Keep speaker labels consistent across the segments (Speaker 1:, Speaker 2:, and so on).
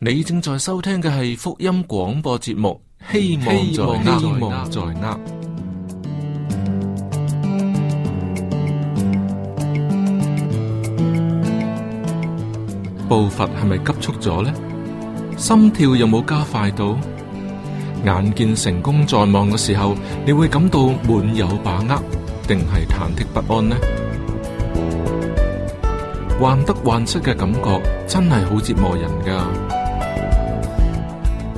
Speaker 1: 你正在收聽嘅係福音廣播節目，希望在，希望在握。步伐係咪急促咗呢？心跳有冇加快到？眼見成功在望嘅時候，你會感到滿有把握，定係忐忑不安呢？患得患失嘅感覺真係好折磨人噶。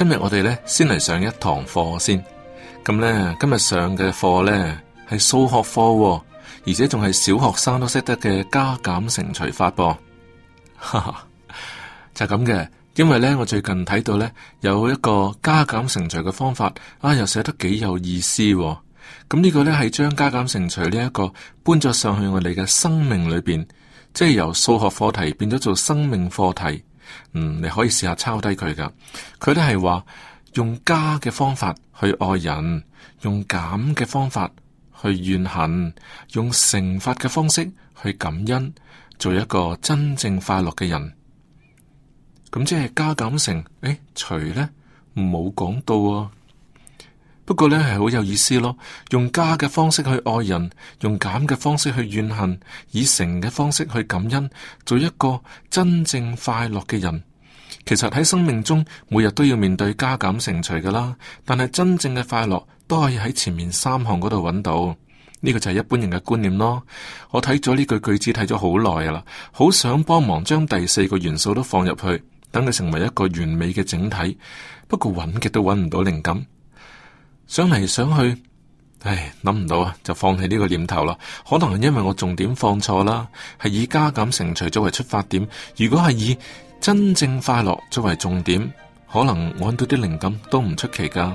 Speaker 1: 今日我哋咧先嚟上一堂課先，咁咧今日上嘅課咧係數學課，而且仲係小學生都識得嘅加減乘除法噃，哈哈，就係咁嘅。因為咧我最近睇到咧有一個加減乘除嘅方法，啊又寫得幾有意思。咁、這、呢個咧係將加減乘除呢一個搬咗上去我哋嘅生命裏邊，即係由數學課題變咗做生命課題。嗯，你可以試下抄低佢㗎，佢都係話用加嘅方法去愛人，用減嘅方法去怨恨，用乘法嘅方式去感恩，做一個真正快樂嘅人。咁即係加減乘，誒，除咧冇講到啊。不過呢係好有意思咯，用加嘅方式去愛人，用減嘅方式去怨恨，以乘嘅方式去感恩，做一個真正快樂嘅人。其實喺生命中，每日都要面對加減乘除噶啦。但係真正嘅快樂都可以喺前面三項嗰度揾到。呢個就係一般人嘅觀念咯。我睇咗呢句句子睇咗好耐啦，好想幫忙將第四個元素都放入去，等佢成為一個完美嘅整體。不過揾極都揾唔到靈感。想嚟想去，唉，諗唔到啊，就放棄呢個念頭啦。可能係因為我重點放錯啦，係以加減乘除作為出發點。如果係以真正快樂作為重點，可能我搵到啲靈感都唔出奇噶。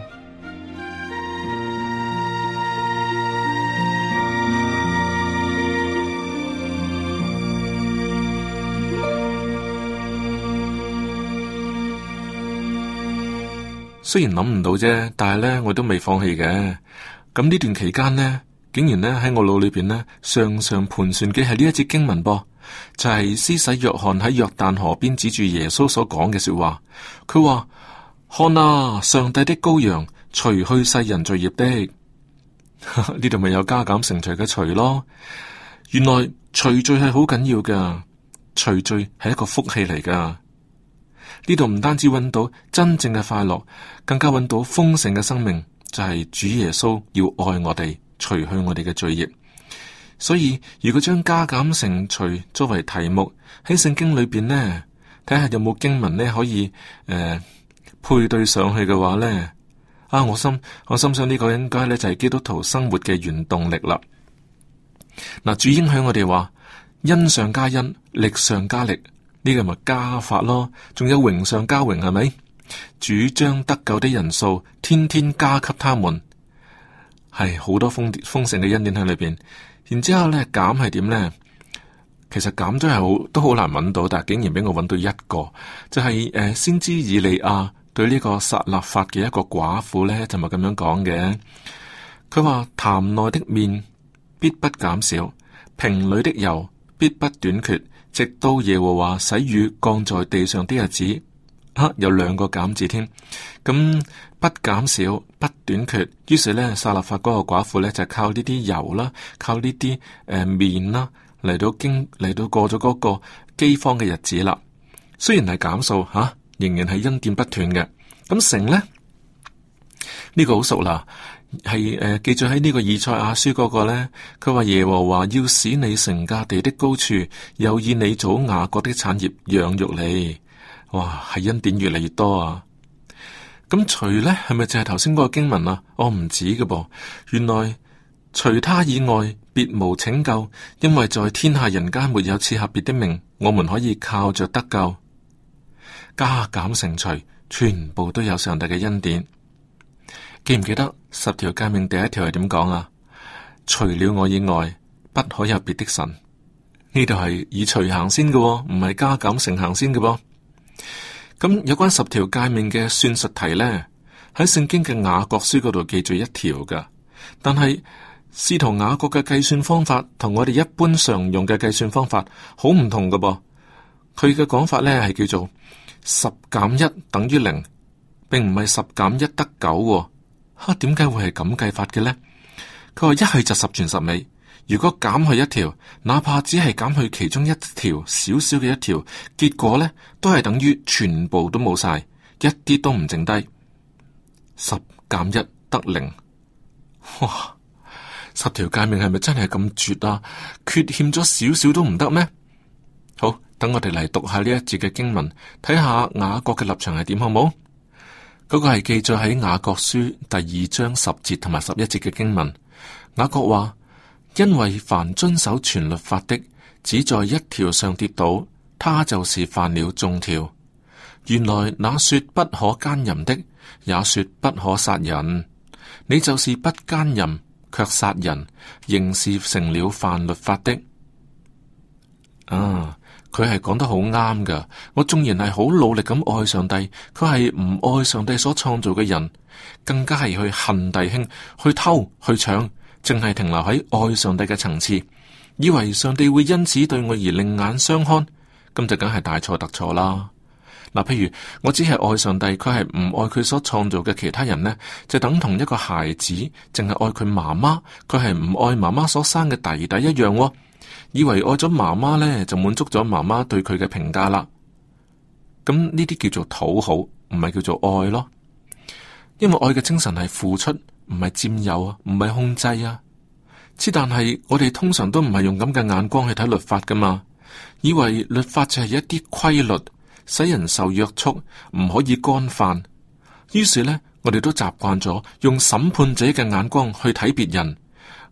Speaker 1: 雖然諗唔到啫，但係咧我都未放棄嘅。咁呢段期間咧，竟然咧喺我腦裏邊咧，常常盤算嘅係呢一節經文噃，就係施洗約翰喺約旦河邊指住耶穌所講嘅說話。佢話：看啊，上帝的羔羊，除去世人罪孽的。呢度咪有加減乘除嘅除咯？原來除罪係好緊要噶，除罪係一個福氣嚟噶。呢度唔單止揾到真正嘅快樂，更加揾到豐盛嘅生命，就係、是、主耶穌要愛我哋，除去我哋嘅罪孽。所以如果將加減乘除作為題目喺聖經裏邊呢，睇下有冇經文呢可以誒、呃、配對上去嘅話呢？啊，我心我心想呢個應該呢就係、是、基督徒生活嘅原動力啦。嗱、啊，主影響我哋話，恩上加恩，力上加力。呢個咪加法咯，仲有榮上加榮係咪？主張得救的人數天天加給他們，係好多豐豐盛嘅恩典喺裏邊。然之後咧減係點咧？其實減都係好都好難揾到，但係竟然畀我揾到一個，就係、是、誒、呃、先知以利亞對呢個撒勒法嘅一個寡婦呢，就咪、是、咁樣講嘅。佢話罈內的麵必不減少，瓶裏的油必不短缺。直到耶和華使雨降在地上的日子，啊，有兩個減字添，咁、啊、不減少，不短缺。於是呢，撒勒法嗰個寡婦呢，就靠呢啲油啦，靠呢啲誒麵啦嚟到經嚟到過咗嗰個饑荒嘅日子啦。雖然係減數吓，仍然係恩典不斷嘅。咁、啊、成呢。呢個好熟啦、啊，係誒、呃，記住喺呢個以賽亞書嗰個咧，佢話耶和華要使你乘駕地的高處，又以你祖雅各的產業養育你，哇，係恩典越嚟越多啊！咁、嗯、除咧係咪就係頭先嗰個經文啊？我唔知嘅噃，原來除他以外，別無拯救，因為在天下人間沒有賜下別的名，我們可以靠着得救，加減乘除，全部都有上帝嘅恩典。記唔記得十條誡命第一條係點講啊？除了我以外，不可有別的神。呢度係以除行先嘅，哦，唔係加減乘行先嘅，哦。噉有關十條誡命嘅算術題呢，喺聖經嘅雅各書嗰度記住一條噶。但係，司徒雅各嘅計算方法同我哋一般常用嘅計算方法好唔同嘅，哦。噉佢嘅講法呢係叫做十減一等於零，並唔係十減一得九，哦。哈，點解、啊、會係咁計法嘅呢？佢話一係就十全十美，如果減去一條，哪怕只係減去其中一條少少嘅一條，結果呢，都係等於全部都冇晒，一啲都唔剩低。十減一得零。哇！十條誡命係咪真係咁絕啊？缺欠咗少少都唔得咩？好，等我哋嚟讀下呢一節嘅經文，睇下雅各嘅立場係點，好冇？嗰個係記載喺雅各書第二章十節同埋十一節嘅經文。雅各話：因為凡遵守全律法的，只在一條上跌倒，他就是犯了眾條。原來那說不可姦淫的，也說不可殺人，你就是不姦淫卻殺人，仍是成了犯律法的。啊！佢係講得好啱噶，我縱然係好努力咁愛上帝，佢係唔愛上帝所創造嘅人，更加係去恨弟兄，去偷去搶，淨係停留喺愛上帝嘅層次，以為上帝會因此對我而另眼相看，咁就梗係大錯特錯啦。嗱，譬如我只係愛上帝，佢係唔愛佢所創造嘅其他人呢，就等同一個孩子淨係愛佢媽媽，佢係唔愛媽媽所生嘅弟弟一樣喎。以為愛咗媽媽咧，就滿足咗媽媽對佢嘅評價啦。咁呢啲叫做討好，唔係叫做愛咯。因為愛嘅精神係付出，唔係佔有啊，唔係控制啊。之但係我哋通常都唔係用咁嘅眼光去睇律法㗎嘛。以為律法就係一啲規律，使人受約束，唔可以干犯。於是咧，我哋都習慣咗用審判者嘅眼光去睇別人。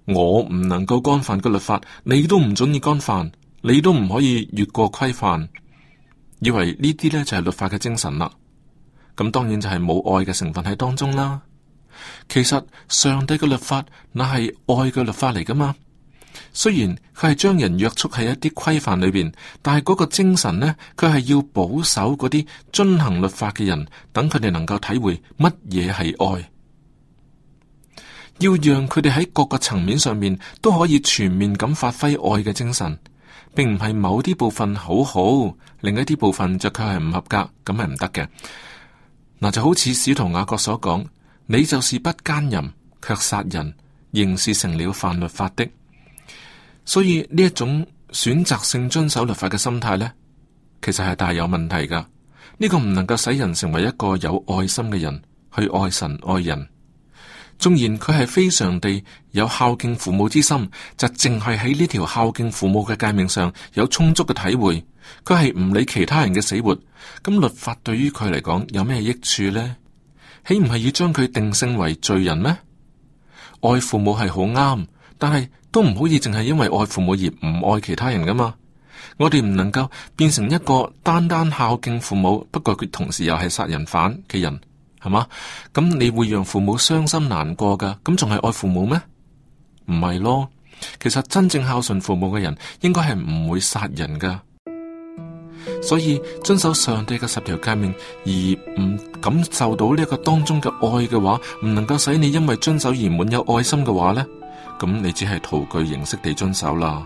Speaker 1: 我唔能夠干犯個律法，你都唔鍾意干犯，你都唔可以越過規範。以為呢啲呢就係、是、律法嘅精神啦，咁當然就係冇愛嘅成分喺當中啦。其實上帝嘅律法，那係愛嘅律法嚟噶嘛？雖然佢係將人約束喺一啲規範裏邊，但係嗰個精神呢，佢係要保守嗰啲遵行律法嘅人，等佢哋能夠體會乜嘢係愛。要讓佢哋喺各個層面上面都可以全面咁發揮愛嘅精神，並唔係某啲部分好好，另一啲部分就卻係唔合格，咁係唔得嘅。嗱，就好似使徒雅各所講，你就是不奸淫卻殺人，仍是成了犯律法的。所以呢一種選擇性遵守律法嘅心態咧，其實係大有問題噶。呢個唔能夠使人成為一個有愛心嘅人去愛神愛人。縱然佢係非常地有孝敬父母之心，就淨係喺呢條孝敬父母嘅界面上有充足嘅體會，佢係唔理其他人嘅死活。咁律法對於佢嚟講有咩益處咧？豈唔係要將佢定性為罪人咩？愛父母係好啱，但係都唔可以淨係因為愛父母而唔愛其他人噶嘛。我哋唔能夠變成一個單單孝敬父母，不過佢同時又係殺人犯嘅人。係嘛？咁你會讓父母傷心難過噶？咁仲係愛父母咩？唔係咯。其實真正孝順父母嘅人，應該係唔會殺人噶。所以遵守上帝嘅十條誡命，而唔感受到呢個當中嘅愛嘅話，唔能夠使你因為遵守而滿有愛心嘅話呢？咁你只係徒具形式地遵守啦。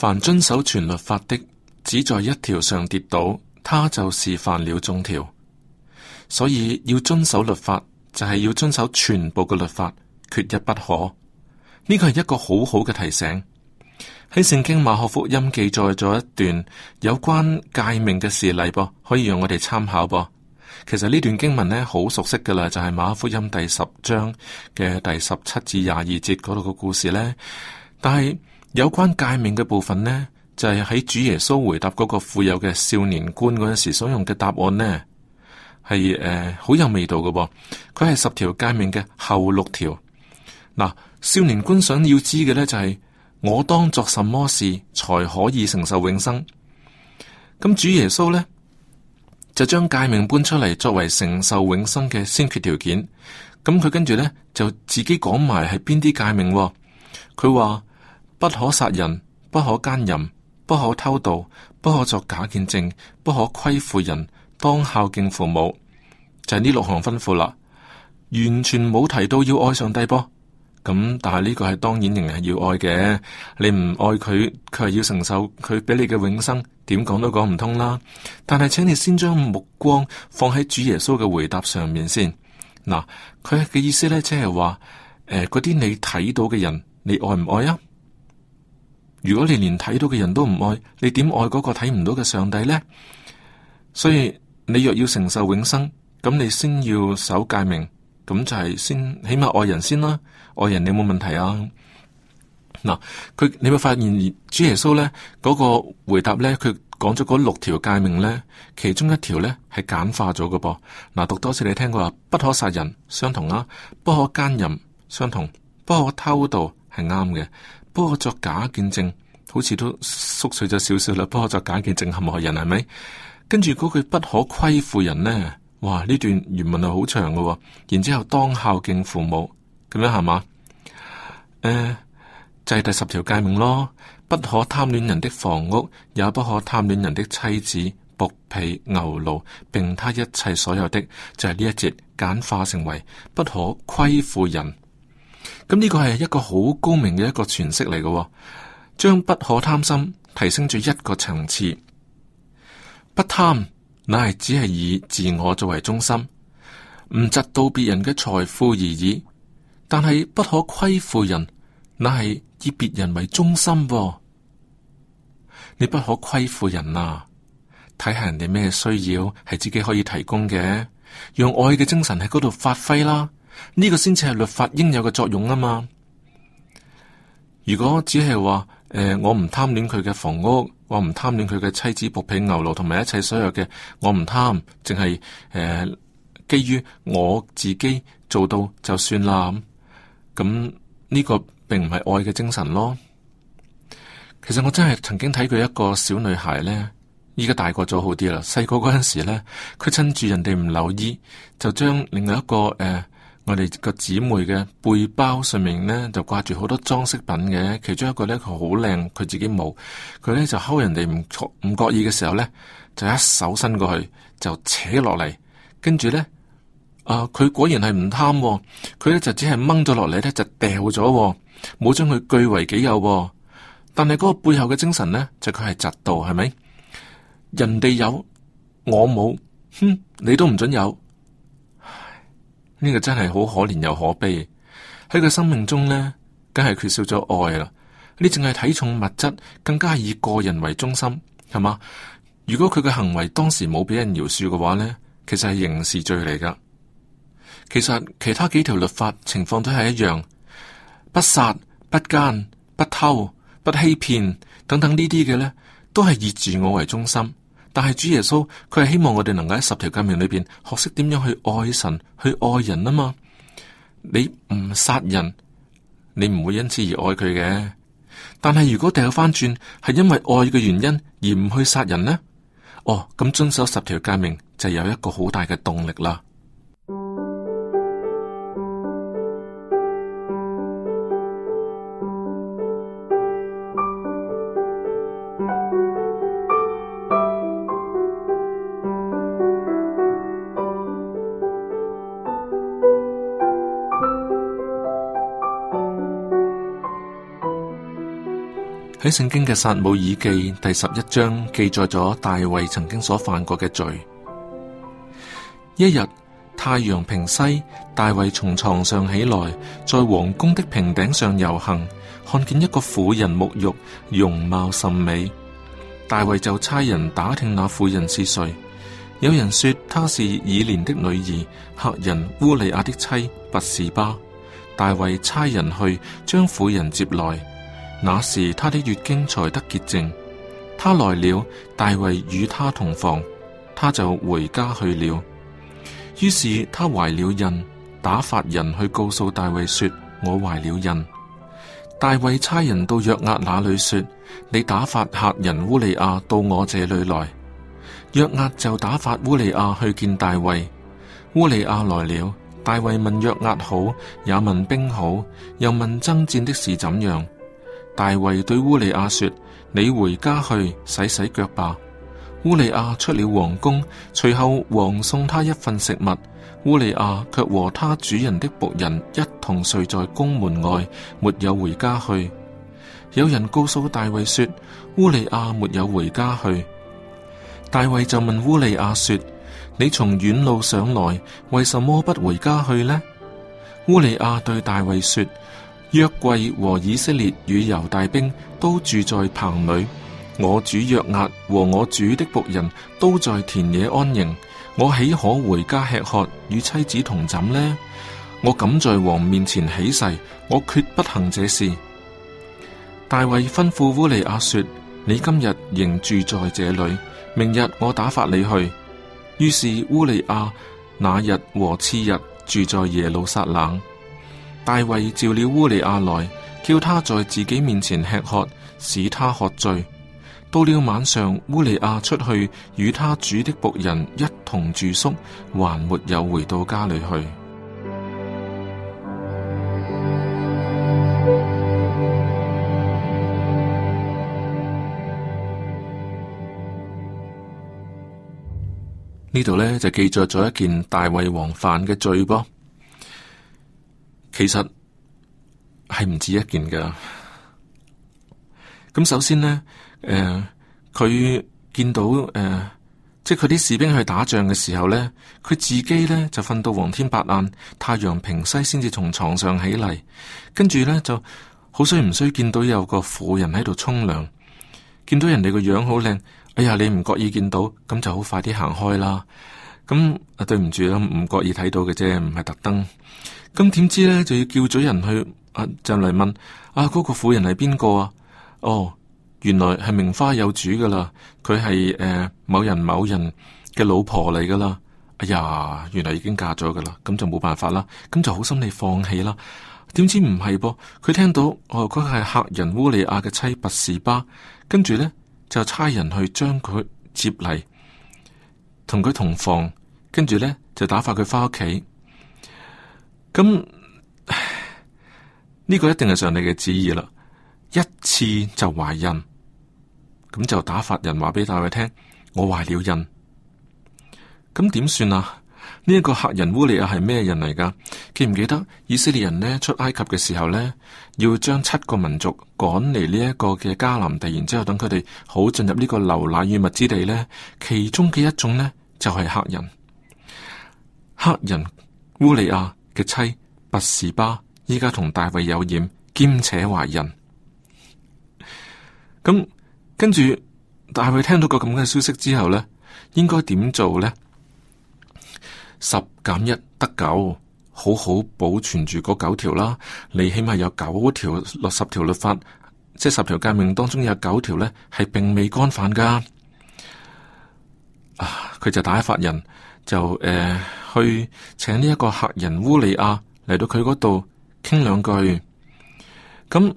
Speaker 1: 凡遵守全律法的，只在一條上跌倒，他就是犯了眾條。所以要遵守律法，就係、是、要遵守全部嘅律法，缺一不可。呢個係一個好好嘅提醒。喺聖經馬可福音記載咗一段有關誡命嘅事例噃，可以讓我哋參考噃。其實呢段經文咧好熟悉噶啦，就係、是、馬可福音第十章嘅第十七至廿二節嗰度嘅故事咧，但係。有關誡命嘅部分呢，就係、是、喺主耶穌回答嗰個富有嘅少年官嗰陣時所用嘅答案呢，係誒好有味道嘅噃。佢係十條誡命嘅後六條。嗱，少年官想要知嘅呢、就是，就係我當作什麼事才可以承受永生？咁、嗯、主耶穌呢，就將誡命搬出嚟作為承受永生嘅先決條件。咁、嗯、佢跟住咧就自己講埋係邊啲誡命。佢話。 不可殺人，不可奸淫，不可偷盜，不可作假見證，不可虧負人，當孝敬父母，就係、是、呢六項吩咐啦。完全冇提到要愛上帝噃。咁但係呢個係當然仍然係要愛嘅。你唔愛佢，佢係要承受佢畀你嘅永生，點講都講唔通啦。但係請你先將目光放喺主耶穌嘅回答上面先嗱。佢嘅意思咧，即係話誒，嗰啲你睇到嘅人，你愛唔愛啊？如果你連睇到嘅人都唔愛你，點愛嗰個睇唔到嘅上帝呢？所以你若要承受永生，咁你先要守誡命，咁就係先起碼愛人先啦、啊。愛人你冇問題啊。嗱，佢你會發現主耶穌咧嗰個回答咧，佢講咗嗰六條誡命咧，其中一條咧係簡化咗嘅噃。嗱，讀多次你聽過話，不可殺人，相同啦、啊；不可姦淫，相同；不可偷盜係啱嘅。不可作假見證，好似都縮水咗少少啦。不可作假見證陷害人，係咪？跟住嗰句不可虧負人呢，哇！呢段原文係好長噶，然之後當孝敬父母，咁樣係嘛？誒、呃，就係、是、第十條誡命咯。不可貪戀人的房屋，也不可貪戀人的妻子、僕婢、牛驢，並他一切所有的，就係、是、呢一節簡化成為不可虧負人。咁呢個係一個好高明嘅一個詮釋嚟嘅，將不可貪心提升咗一個層次。不貪，乃係只係以自我作為中心，唔窒到別人嘅財富而已。但係不可虧負人，乃係以別人為中心喎。你不可虧負人啊！睇下人哋咩需要，係自己可以提供嘅，用愛嘅精神喺嗰度發揮啦。呢個先至係律法應有嘅作用啊嘛！如果只係話誒，我唔貪戀佢嘅房屋，我唔貪戀佢嘅妻子、僕婢牛、牛驢同埋一切所有嘅，我唔貪，淨係誒基於我自己做到就算啦。咁、嗯、呢、這個並唔係愛嘅精神咯。其實我真係曾經睇過一個小女孩咧，而家大個咗好啲啦。細個嗰陣時咧，佢趁住人哋唔留意，就將另外一個誒。呃我哋個姊妹嘅背包上面咧，就掛住好多裝飾品嘅，其中一個咧，佢好靚，佢自己冇，佢咧就偷人哋唔覺唔覺意嘅時候咧，就一手伸過去就扯落嚟，跟住咧，啊，佢果然係唔貪喎，佢咧就只係掹咗落嚟咧就掉咗，冇將佢據為己有喎，但係嗰個背後嘅精神咧，就佢係窒到，係咪？人哋有，我冇，哼，你都唔准有。呢個真係好可憐又可悲，喺佢生命中呢，梗係缺少咗愛啦。呢淨係睇重物質，更加係以個人為中心，係嘛？如果佢嘅行為當時冇畀人饒恕嘅話呢，其實係刑事罪嚟噶。其實其他幾條律法情況都係一樣，不殺、不奸、不偷、不欺騙等等呢啲嘅呢，都係以自我為中心。但係主耶穌佢係希望我哋能夠喺十條誡命裏邊學識點樣去愛神去愛人啊嘛！你唔殺人，你唔會因此而愛佢嘅。但係如果掉翻轉係因為愛嘅原因而唔去殺人呢？哦，咁遵守十條誡命就有一個好大嘅動力啦。喺聖經嘅撒母耳記第十一章記載咗大衛曾經所犯過嘅罪。一日，太陽平西，大衛從床上起來，在王宮的平頂上遊行，看見一個婦人沐浴，容貌甚美。大衛就差人打聽那婦人是誰。有人說她是以連的女兒，客人烏利亞的妻拔示巴。大衛差人去將婦人接來。那時他的月經才得潔淨，他來了，大衛與他同房，他就回家去了。於是他懷了孕，打發人去告訴大衛說：我懷了孕。大衛差人到約押那裏說：你打發客人烏利亞到我這裏來。約押就打發烏利亞去見大衛。烏利亞來了，大衛問約押好，也問兵好，又問爭戰的事怎樣。大衛對烏利亞說：你回家去洗洗腳吧。烏利亞出了王宮，隨後王送他一份食物。烏利亞卻和他主人的僕人一同睡在宮門外，沒有回家去。有人告訴大衛說：烏利亞沒有回家去。大衛就問烏利亞說：你從遠路上來，為什麼不回家去呢？烏利亞對大衛說。約櫃和以色列與猶大兵都住在棚裏，我主約押和我主的僕人都在田野安營。我豈可回家吃喝與妻子同枕呢？我敢在王面前起誓，我決不行這事。大衛吩咐烏利亞說：你今日仍住在這裏，明日我打發你去。於是烏利亞那日和次日住在耶路撒冷。大衛召了烏利亞來，叫他在自己面前吃喝，使他喝醉。到了晚上，烏利亞出去與他主的僕人一同住宿，還沒有回到家裏去。呢度 呢，就記載咗一件大衛王犯嘅罪噃。其實係唔止一件噶。咁首先呢，誒、呃，佢見到誒、呃，即係佢啲士兵去打仗嘅時候呢，佢自己呢就瞓到黃天白晏，太陽平西先至從床上起嚟，跟住呢，就好衰唔衰見到有個婦人喺度沖涼，見到人哋個樣好靚，哎呀，你唔覺意見到，咁就好快啲行開啦。咁啊，對唔住啦，唔覺意睇到嘅啫，唔係特登。咁點知咧，就要叫咗人去啊，就嚟問啊，嗰、那個婦人係邊個啊？哦，原來係名花有主噶啦，佢係誒某人某人嘅老婆嚟噶啦。哎呀，原來已經嫁咗噶啦，咁就冇辦法啦，咁、嗯、就好心你放棄啦。點知唔係噃？佢聽到哦，佢、那、係、個、客人烏利亞嘅妻拔士巴，呢跟住咧，就差人去將佢接嚟，同佢同房，跟住咧，就打發佢翻屋企。咁呢、這個一定係上帝嘅旨意啦！一次就懷孕，咁就打發人話畀大家聽：我懷了孕，咁點算啊？呢、這、一個黑人烏利亞係咩人嚟噶？記唔記得以色列人呢出埃及嘅時候呢，要將七個民族趕嚟呢一個嘅迦南地，然之後等佢哋好進入呢個流奶與蜜之地呢。其中嘅一種呢，就係、是、黑人，黑人烏利亞。嘅妻拔示巴依家同大衛有染，兼且懷孕。咁、嗯、跟住大衛聽到個咁嘅消息之後呢，應該點做呢？十減一得九，好好保存住嗰九條啦。你起碼有九條、六十條律法，即係十條誡命當中有九條呢，係並未干犯噶。啊，佢就打一法人就誒。呃去請呢一個客人烏利亞嚟到佢嗰度傾兩句，咁誒、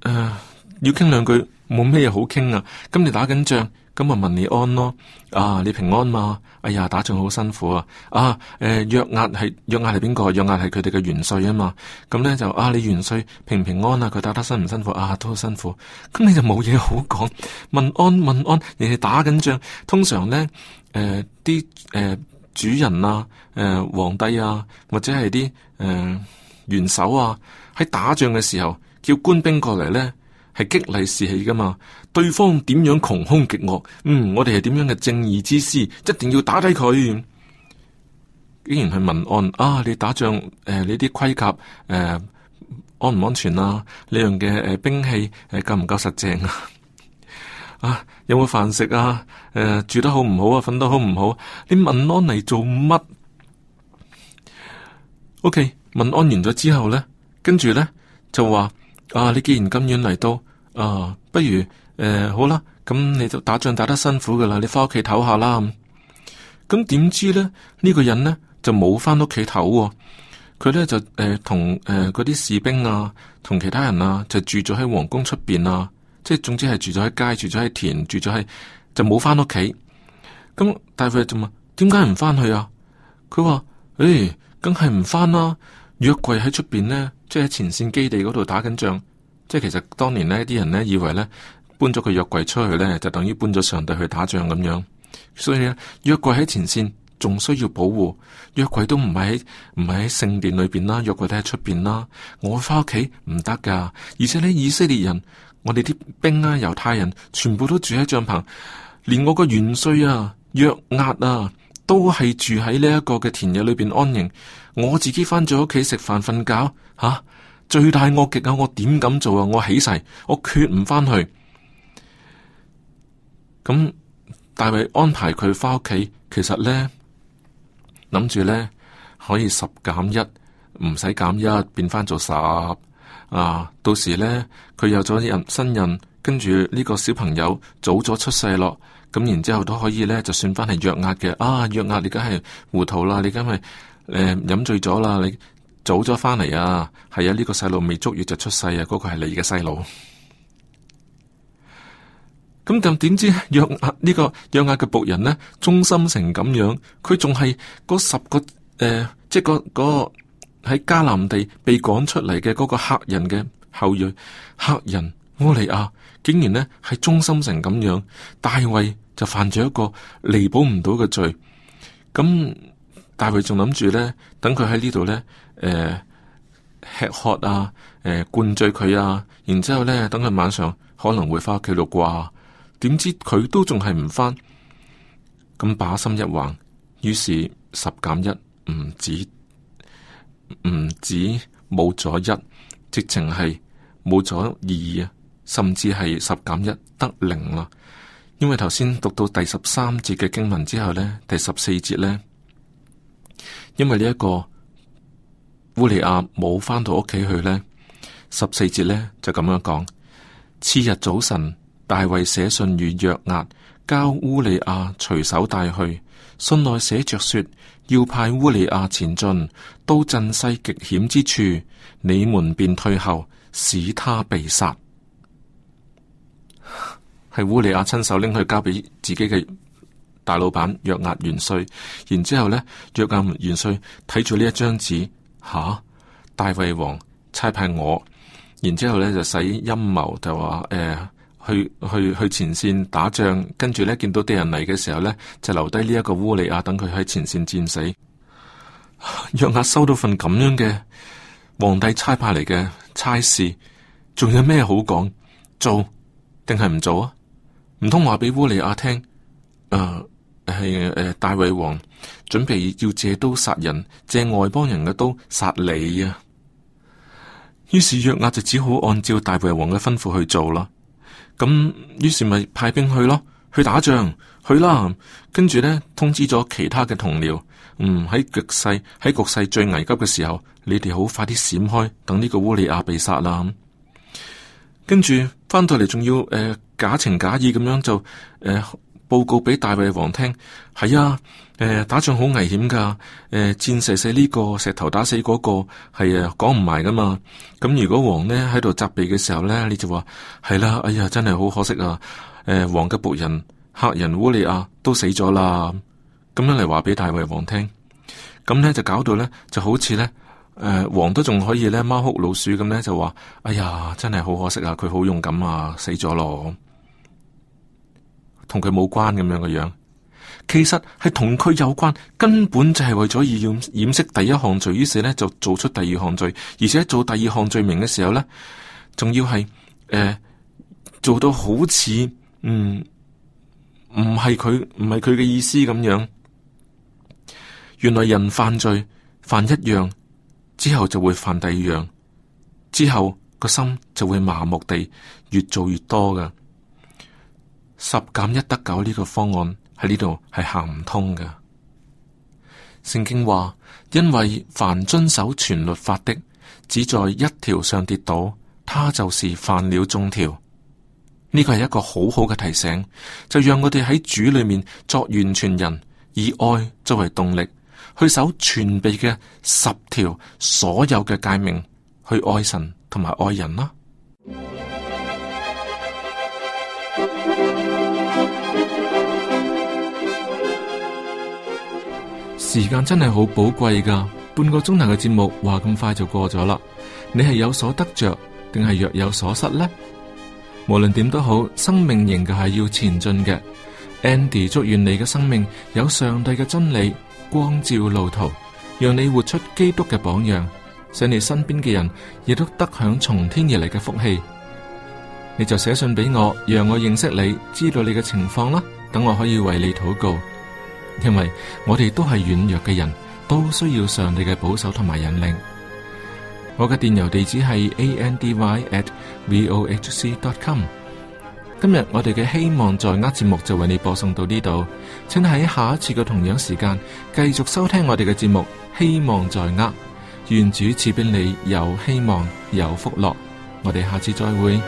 Speaker 1: 呃、要傾兩句冇咩嘢好傾啊！咁你打緊仗，咁啊問你安咯，啊你平安嘛？哎呀打仗好辛苦啊！啊誒約押係約押係邊個？約押係佢哋嘅元帥啊嘛！咁咧就啊你元帥平唔平安啊，佢打得辛唔辛苦啊都好辛苦，咁、啊、你就冇嘢好講，問安問安，你哋打緊仗，通常咧誒啲誒。呃主人啊，誒、呃，皇帝啊，或者係啲誒元首啊，喺打仗嘅時候叫官兵過嚟咧，係激勵士氣㗎嘛。對方點樣窮凶極惡，嗯，我哋係點樣嘅正義之師，一定要打低佢。竟然係文案啊，你打仗誒、呃，你啲盔甲誒安唔安全啊？呢樣嘅誒兵器係夠唔夠實淨啊？有冇飯食啊？誒、啊呃，住得好唔好啊？瞓得好唔好？你問安嚟做乜？O K，問安完咗之後咧，跟住咧就話啊，你既然咁遠嚟到啊，不如誒、呃、好啦，咁、嗯、你就打仗打得辛苦噶啦，你翻屋企唞下啦。咁、嗯，咁點知咧呢、呢個人呢，就冇翻屋企唞喎，佢咧就誒同誒嗰啲士兵啊，同其他人啊就住咗喺皇宮出邊啊。即係，總之係住咗喺街，住咗喺田，住咗喺就冇翻屋企。咁大夫就問：，點解唔翻去啊？佢話：，誒、哎，梗係唔翻啦。約櫃喺出邊呢，即喺前線基地嗰度打緊仗。即係其實當年呢啲人呢，以為呢搬咗個約櫃出去呢，就等於搬咗上帝去打仗咁樣。所以呢，約櫃喺前線仲需要保護，約櫃都唔係喺唔係喺聖殿裏邊啦，約櫃都喺出邊啦。我翻屋企唔得噶，而且呢，以色列人。我哋啲兵啊，猶太人全部都住喺帳篷，連我個元帥啊、約押啊，都係住喺呢一個嘅田野裏邊安營。我自己翻咗屋企食飯瞓覺吓，罪大惡極啊！我點敢做啊？我起誓，我決唔翻去。咁大衛安排佢翻屋企，其實呢，諗住呢可以十減一，唔使減一變翻做十。啊！到時咧，佢有咗孕新孕，跟住呢個小朋友早咗出世咯。咁然之後都可以咧，就算翻係約押嘅啊！約押你梗係糊塗啦，你梗係誒飲醉咗啦，你早咗翻嚟啊！係啊，呢、這個細路未足月就出世啊，嗰、那個係你嘅細路。咁 但點知約押、這個、押呢個約押嘅僕人咧，忠心成咁樣，佢仲係嗰十個誒、呃，即係、那個個。喺迦南地被趕出嚟嘅嗰個赫人嘅後裔，赫人烏利亞，竟然呢係忠心成咁樣，大衛就犯咗一個彌補唔到嘅罪。咁大衛仲諗住呢，等佢喺呢度呢，誒、呃，吃喝啊，誒、呃，灌醉佢啊，然之後咧，等佢晚上可能會翻屋企度啩。點知佢都仲係唔翻，咁把心一橫，於是十減一唔止。唔止冇咗一，直情係冇咗二啊，甚至係十減一得零啦。因為頭先讀到第十三節嘅經文之後呢，第十四節呢，因為呢、這、一個烏利亞冇返到屋企去呢，十四節呢就咁樣講。次日早晨，大衛寫信與約押，交烏利亞隨手帶去，信內寫着說。要派烏利亞前進，到陣勢極險之處，你們便退後，使他被殺。係烏利亞親手拎去交俾自己嘅大老闆約押元帥，然之後呢約押元帥睇住呢一張紙，吓，大衛王差派我，然之後呢就使陰謀就話誒。呃去去去前線打仗，跟住咧見到敵人嚟嘅時候咧，就留低呢一個烏利亞等佢喺前線戰死。約押收到份咁樣嘅皇帝差派嚟嘅差事，仲有咩好講？做定係唔做啊？唔通話俾烏利亞聽？誒、呃，係誒，大衛王準備要借刀殺人，借外邦人嘅刀殺你啊！於是約押就只好按照大衛王嘅吩咐去做啦。咁於是咪派兵去咯，去打仗，去啦，跟住咧通知咗其他嘅同僚，嗯，喺局勢，喺局勢最危急嘅時候，你哋好快啲閃開，等呢個烏利亞被殺啦。跟住翻到嚟仲要誒、呃、假情假意咁樣就。誒、呃。報告俾大衛王聽，係啊，誒、呃，打仗好危險噶，誒、呃，箭射死呢個，石頭打死嗰、那個，係啊，講唔埋噶嘛。咁如果王呢喺度責備嘅時候呢，你就話係啦，哎呀，真係好可惜啊，誒、呃，王嘅僕人、赫人烏利亞都死咗啦。咁樣嚟話俾大衛王聽，咁呢就搞到呢就好似呢，誒、呃，王都仲可以呢貓哭老鼠咁呢就話，哎呀，真係好可惜啊，佢好勇敢啊，死咗咯。同佢冇關，咁樣嘅樣，其實係同佢有關，根本就係為咗要掩飾第一項罪，於是咧就做出第二項罪，而且做第二項罪名嘅時候咧，仲要係誒、呃、做到好似嗯唔係佢唔係佢嘅意思咁樣。原來人犯罪犯一樣之後就會犯第二樣，之後個心就會麻木地越做越多㗎。十減一得九呢個方案喺呢度係行唔通嘅。聖經話，因為凡遵守全律法的，只在一條上跌倒，他就是犯了眾條。呢個係一個好好嘅提醒，就讓我哋喺主裏面作完全人，以愛作為動力，去守全備嘅十條所有嘅誡命，去愛神同埋愛人啦。時間真係好寶貴噶，半個鐘頭嘅節目話咁快就過咗啦。你係有所得着，定係若有所失呢？無論點都好，生命仍係要前進嘅。Andy，祝願你嘅生命有上帝嘅真理光照路途，讓你活出基督嘅榜樣，使你身邊嘅人亦都得享從天而嚟嘅福氣。你就寫信俾我，讓我認識你，知道你嘅情況啦，等我可以為你禱告。因為我哋都係軟弱嘅人，都需要上帝嘅保守同埋引領。我嘅電郵地址係 a n d y at v o h c dot com。今日我哋嘅希望在握節目就為你播送到呢度，請喺下一次嘅同樣時間繼續收聽我哋嘅節目。希望在握，願主賜俾你有希望有福樂。我哋下次再會。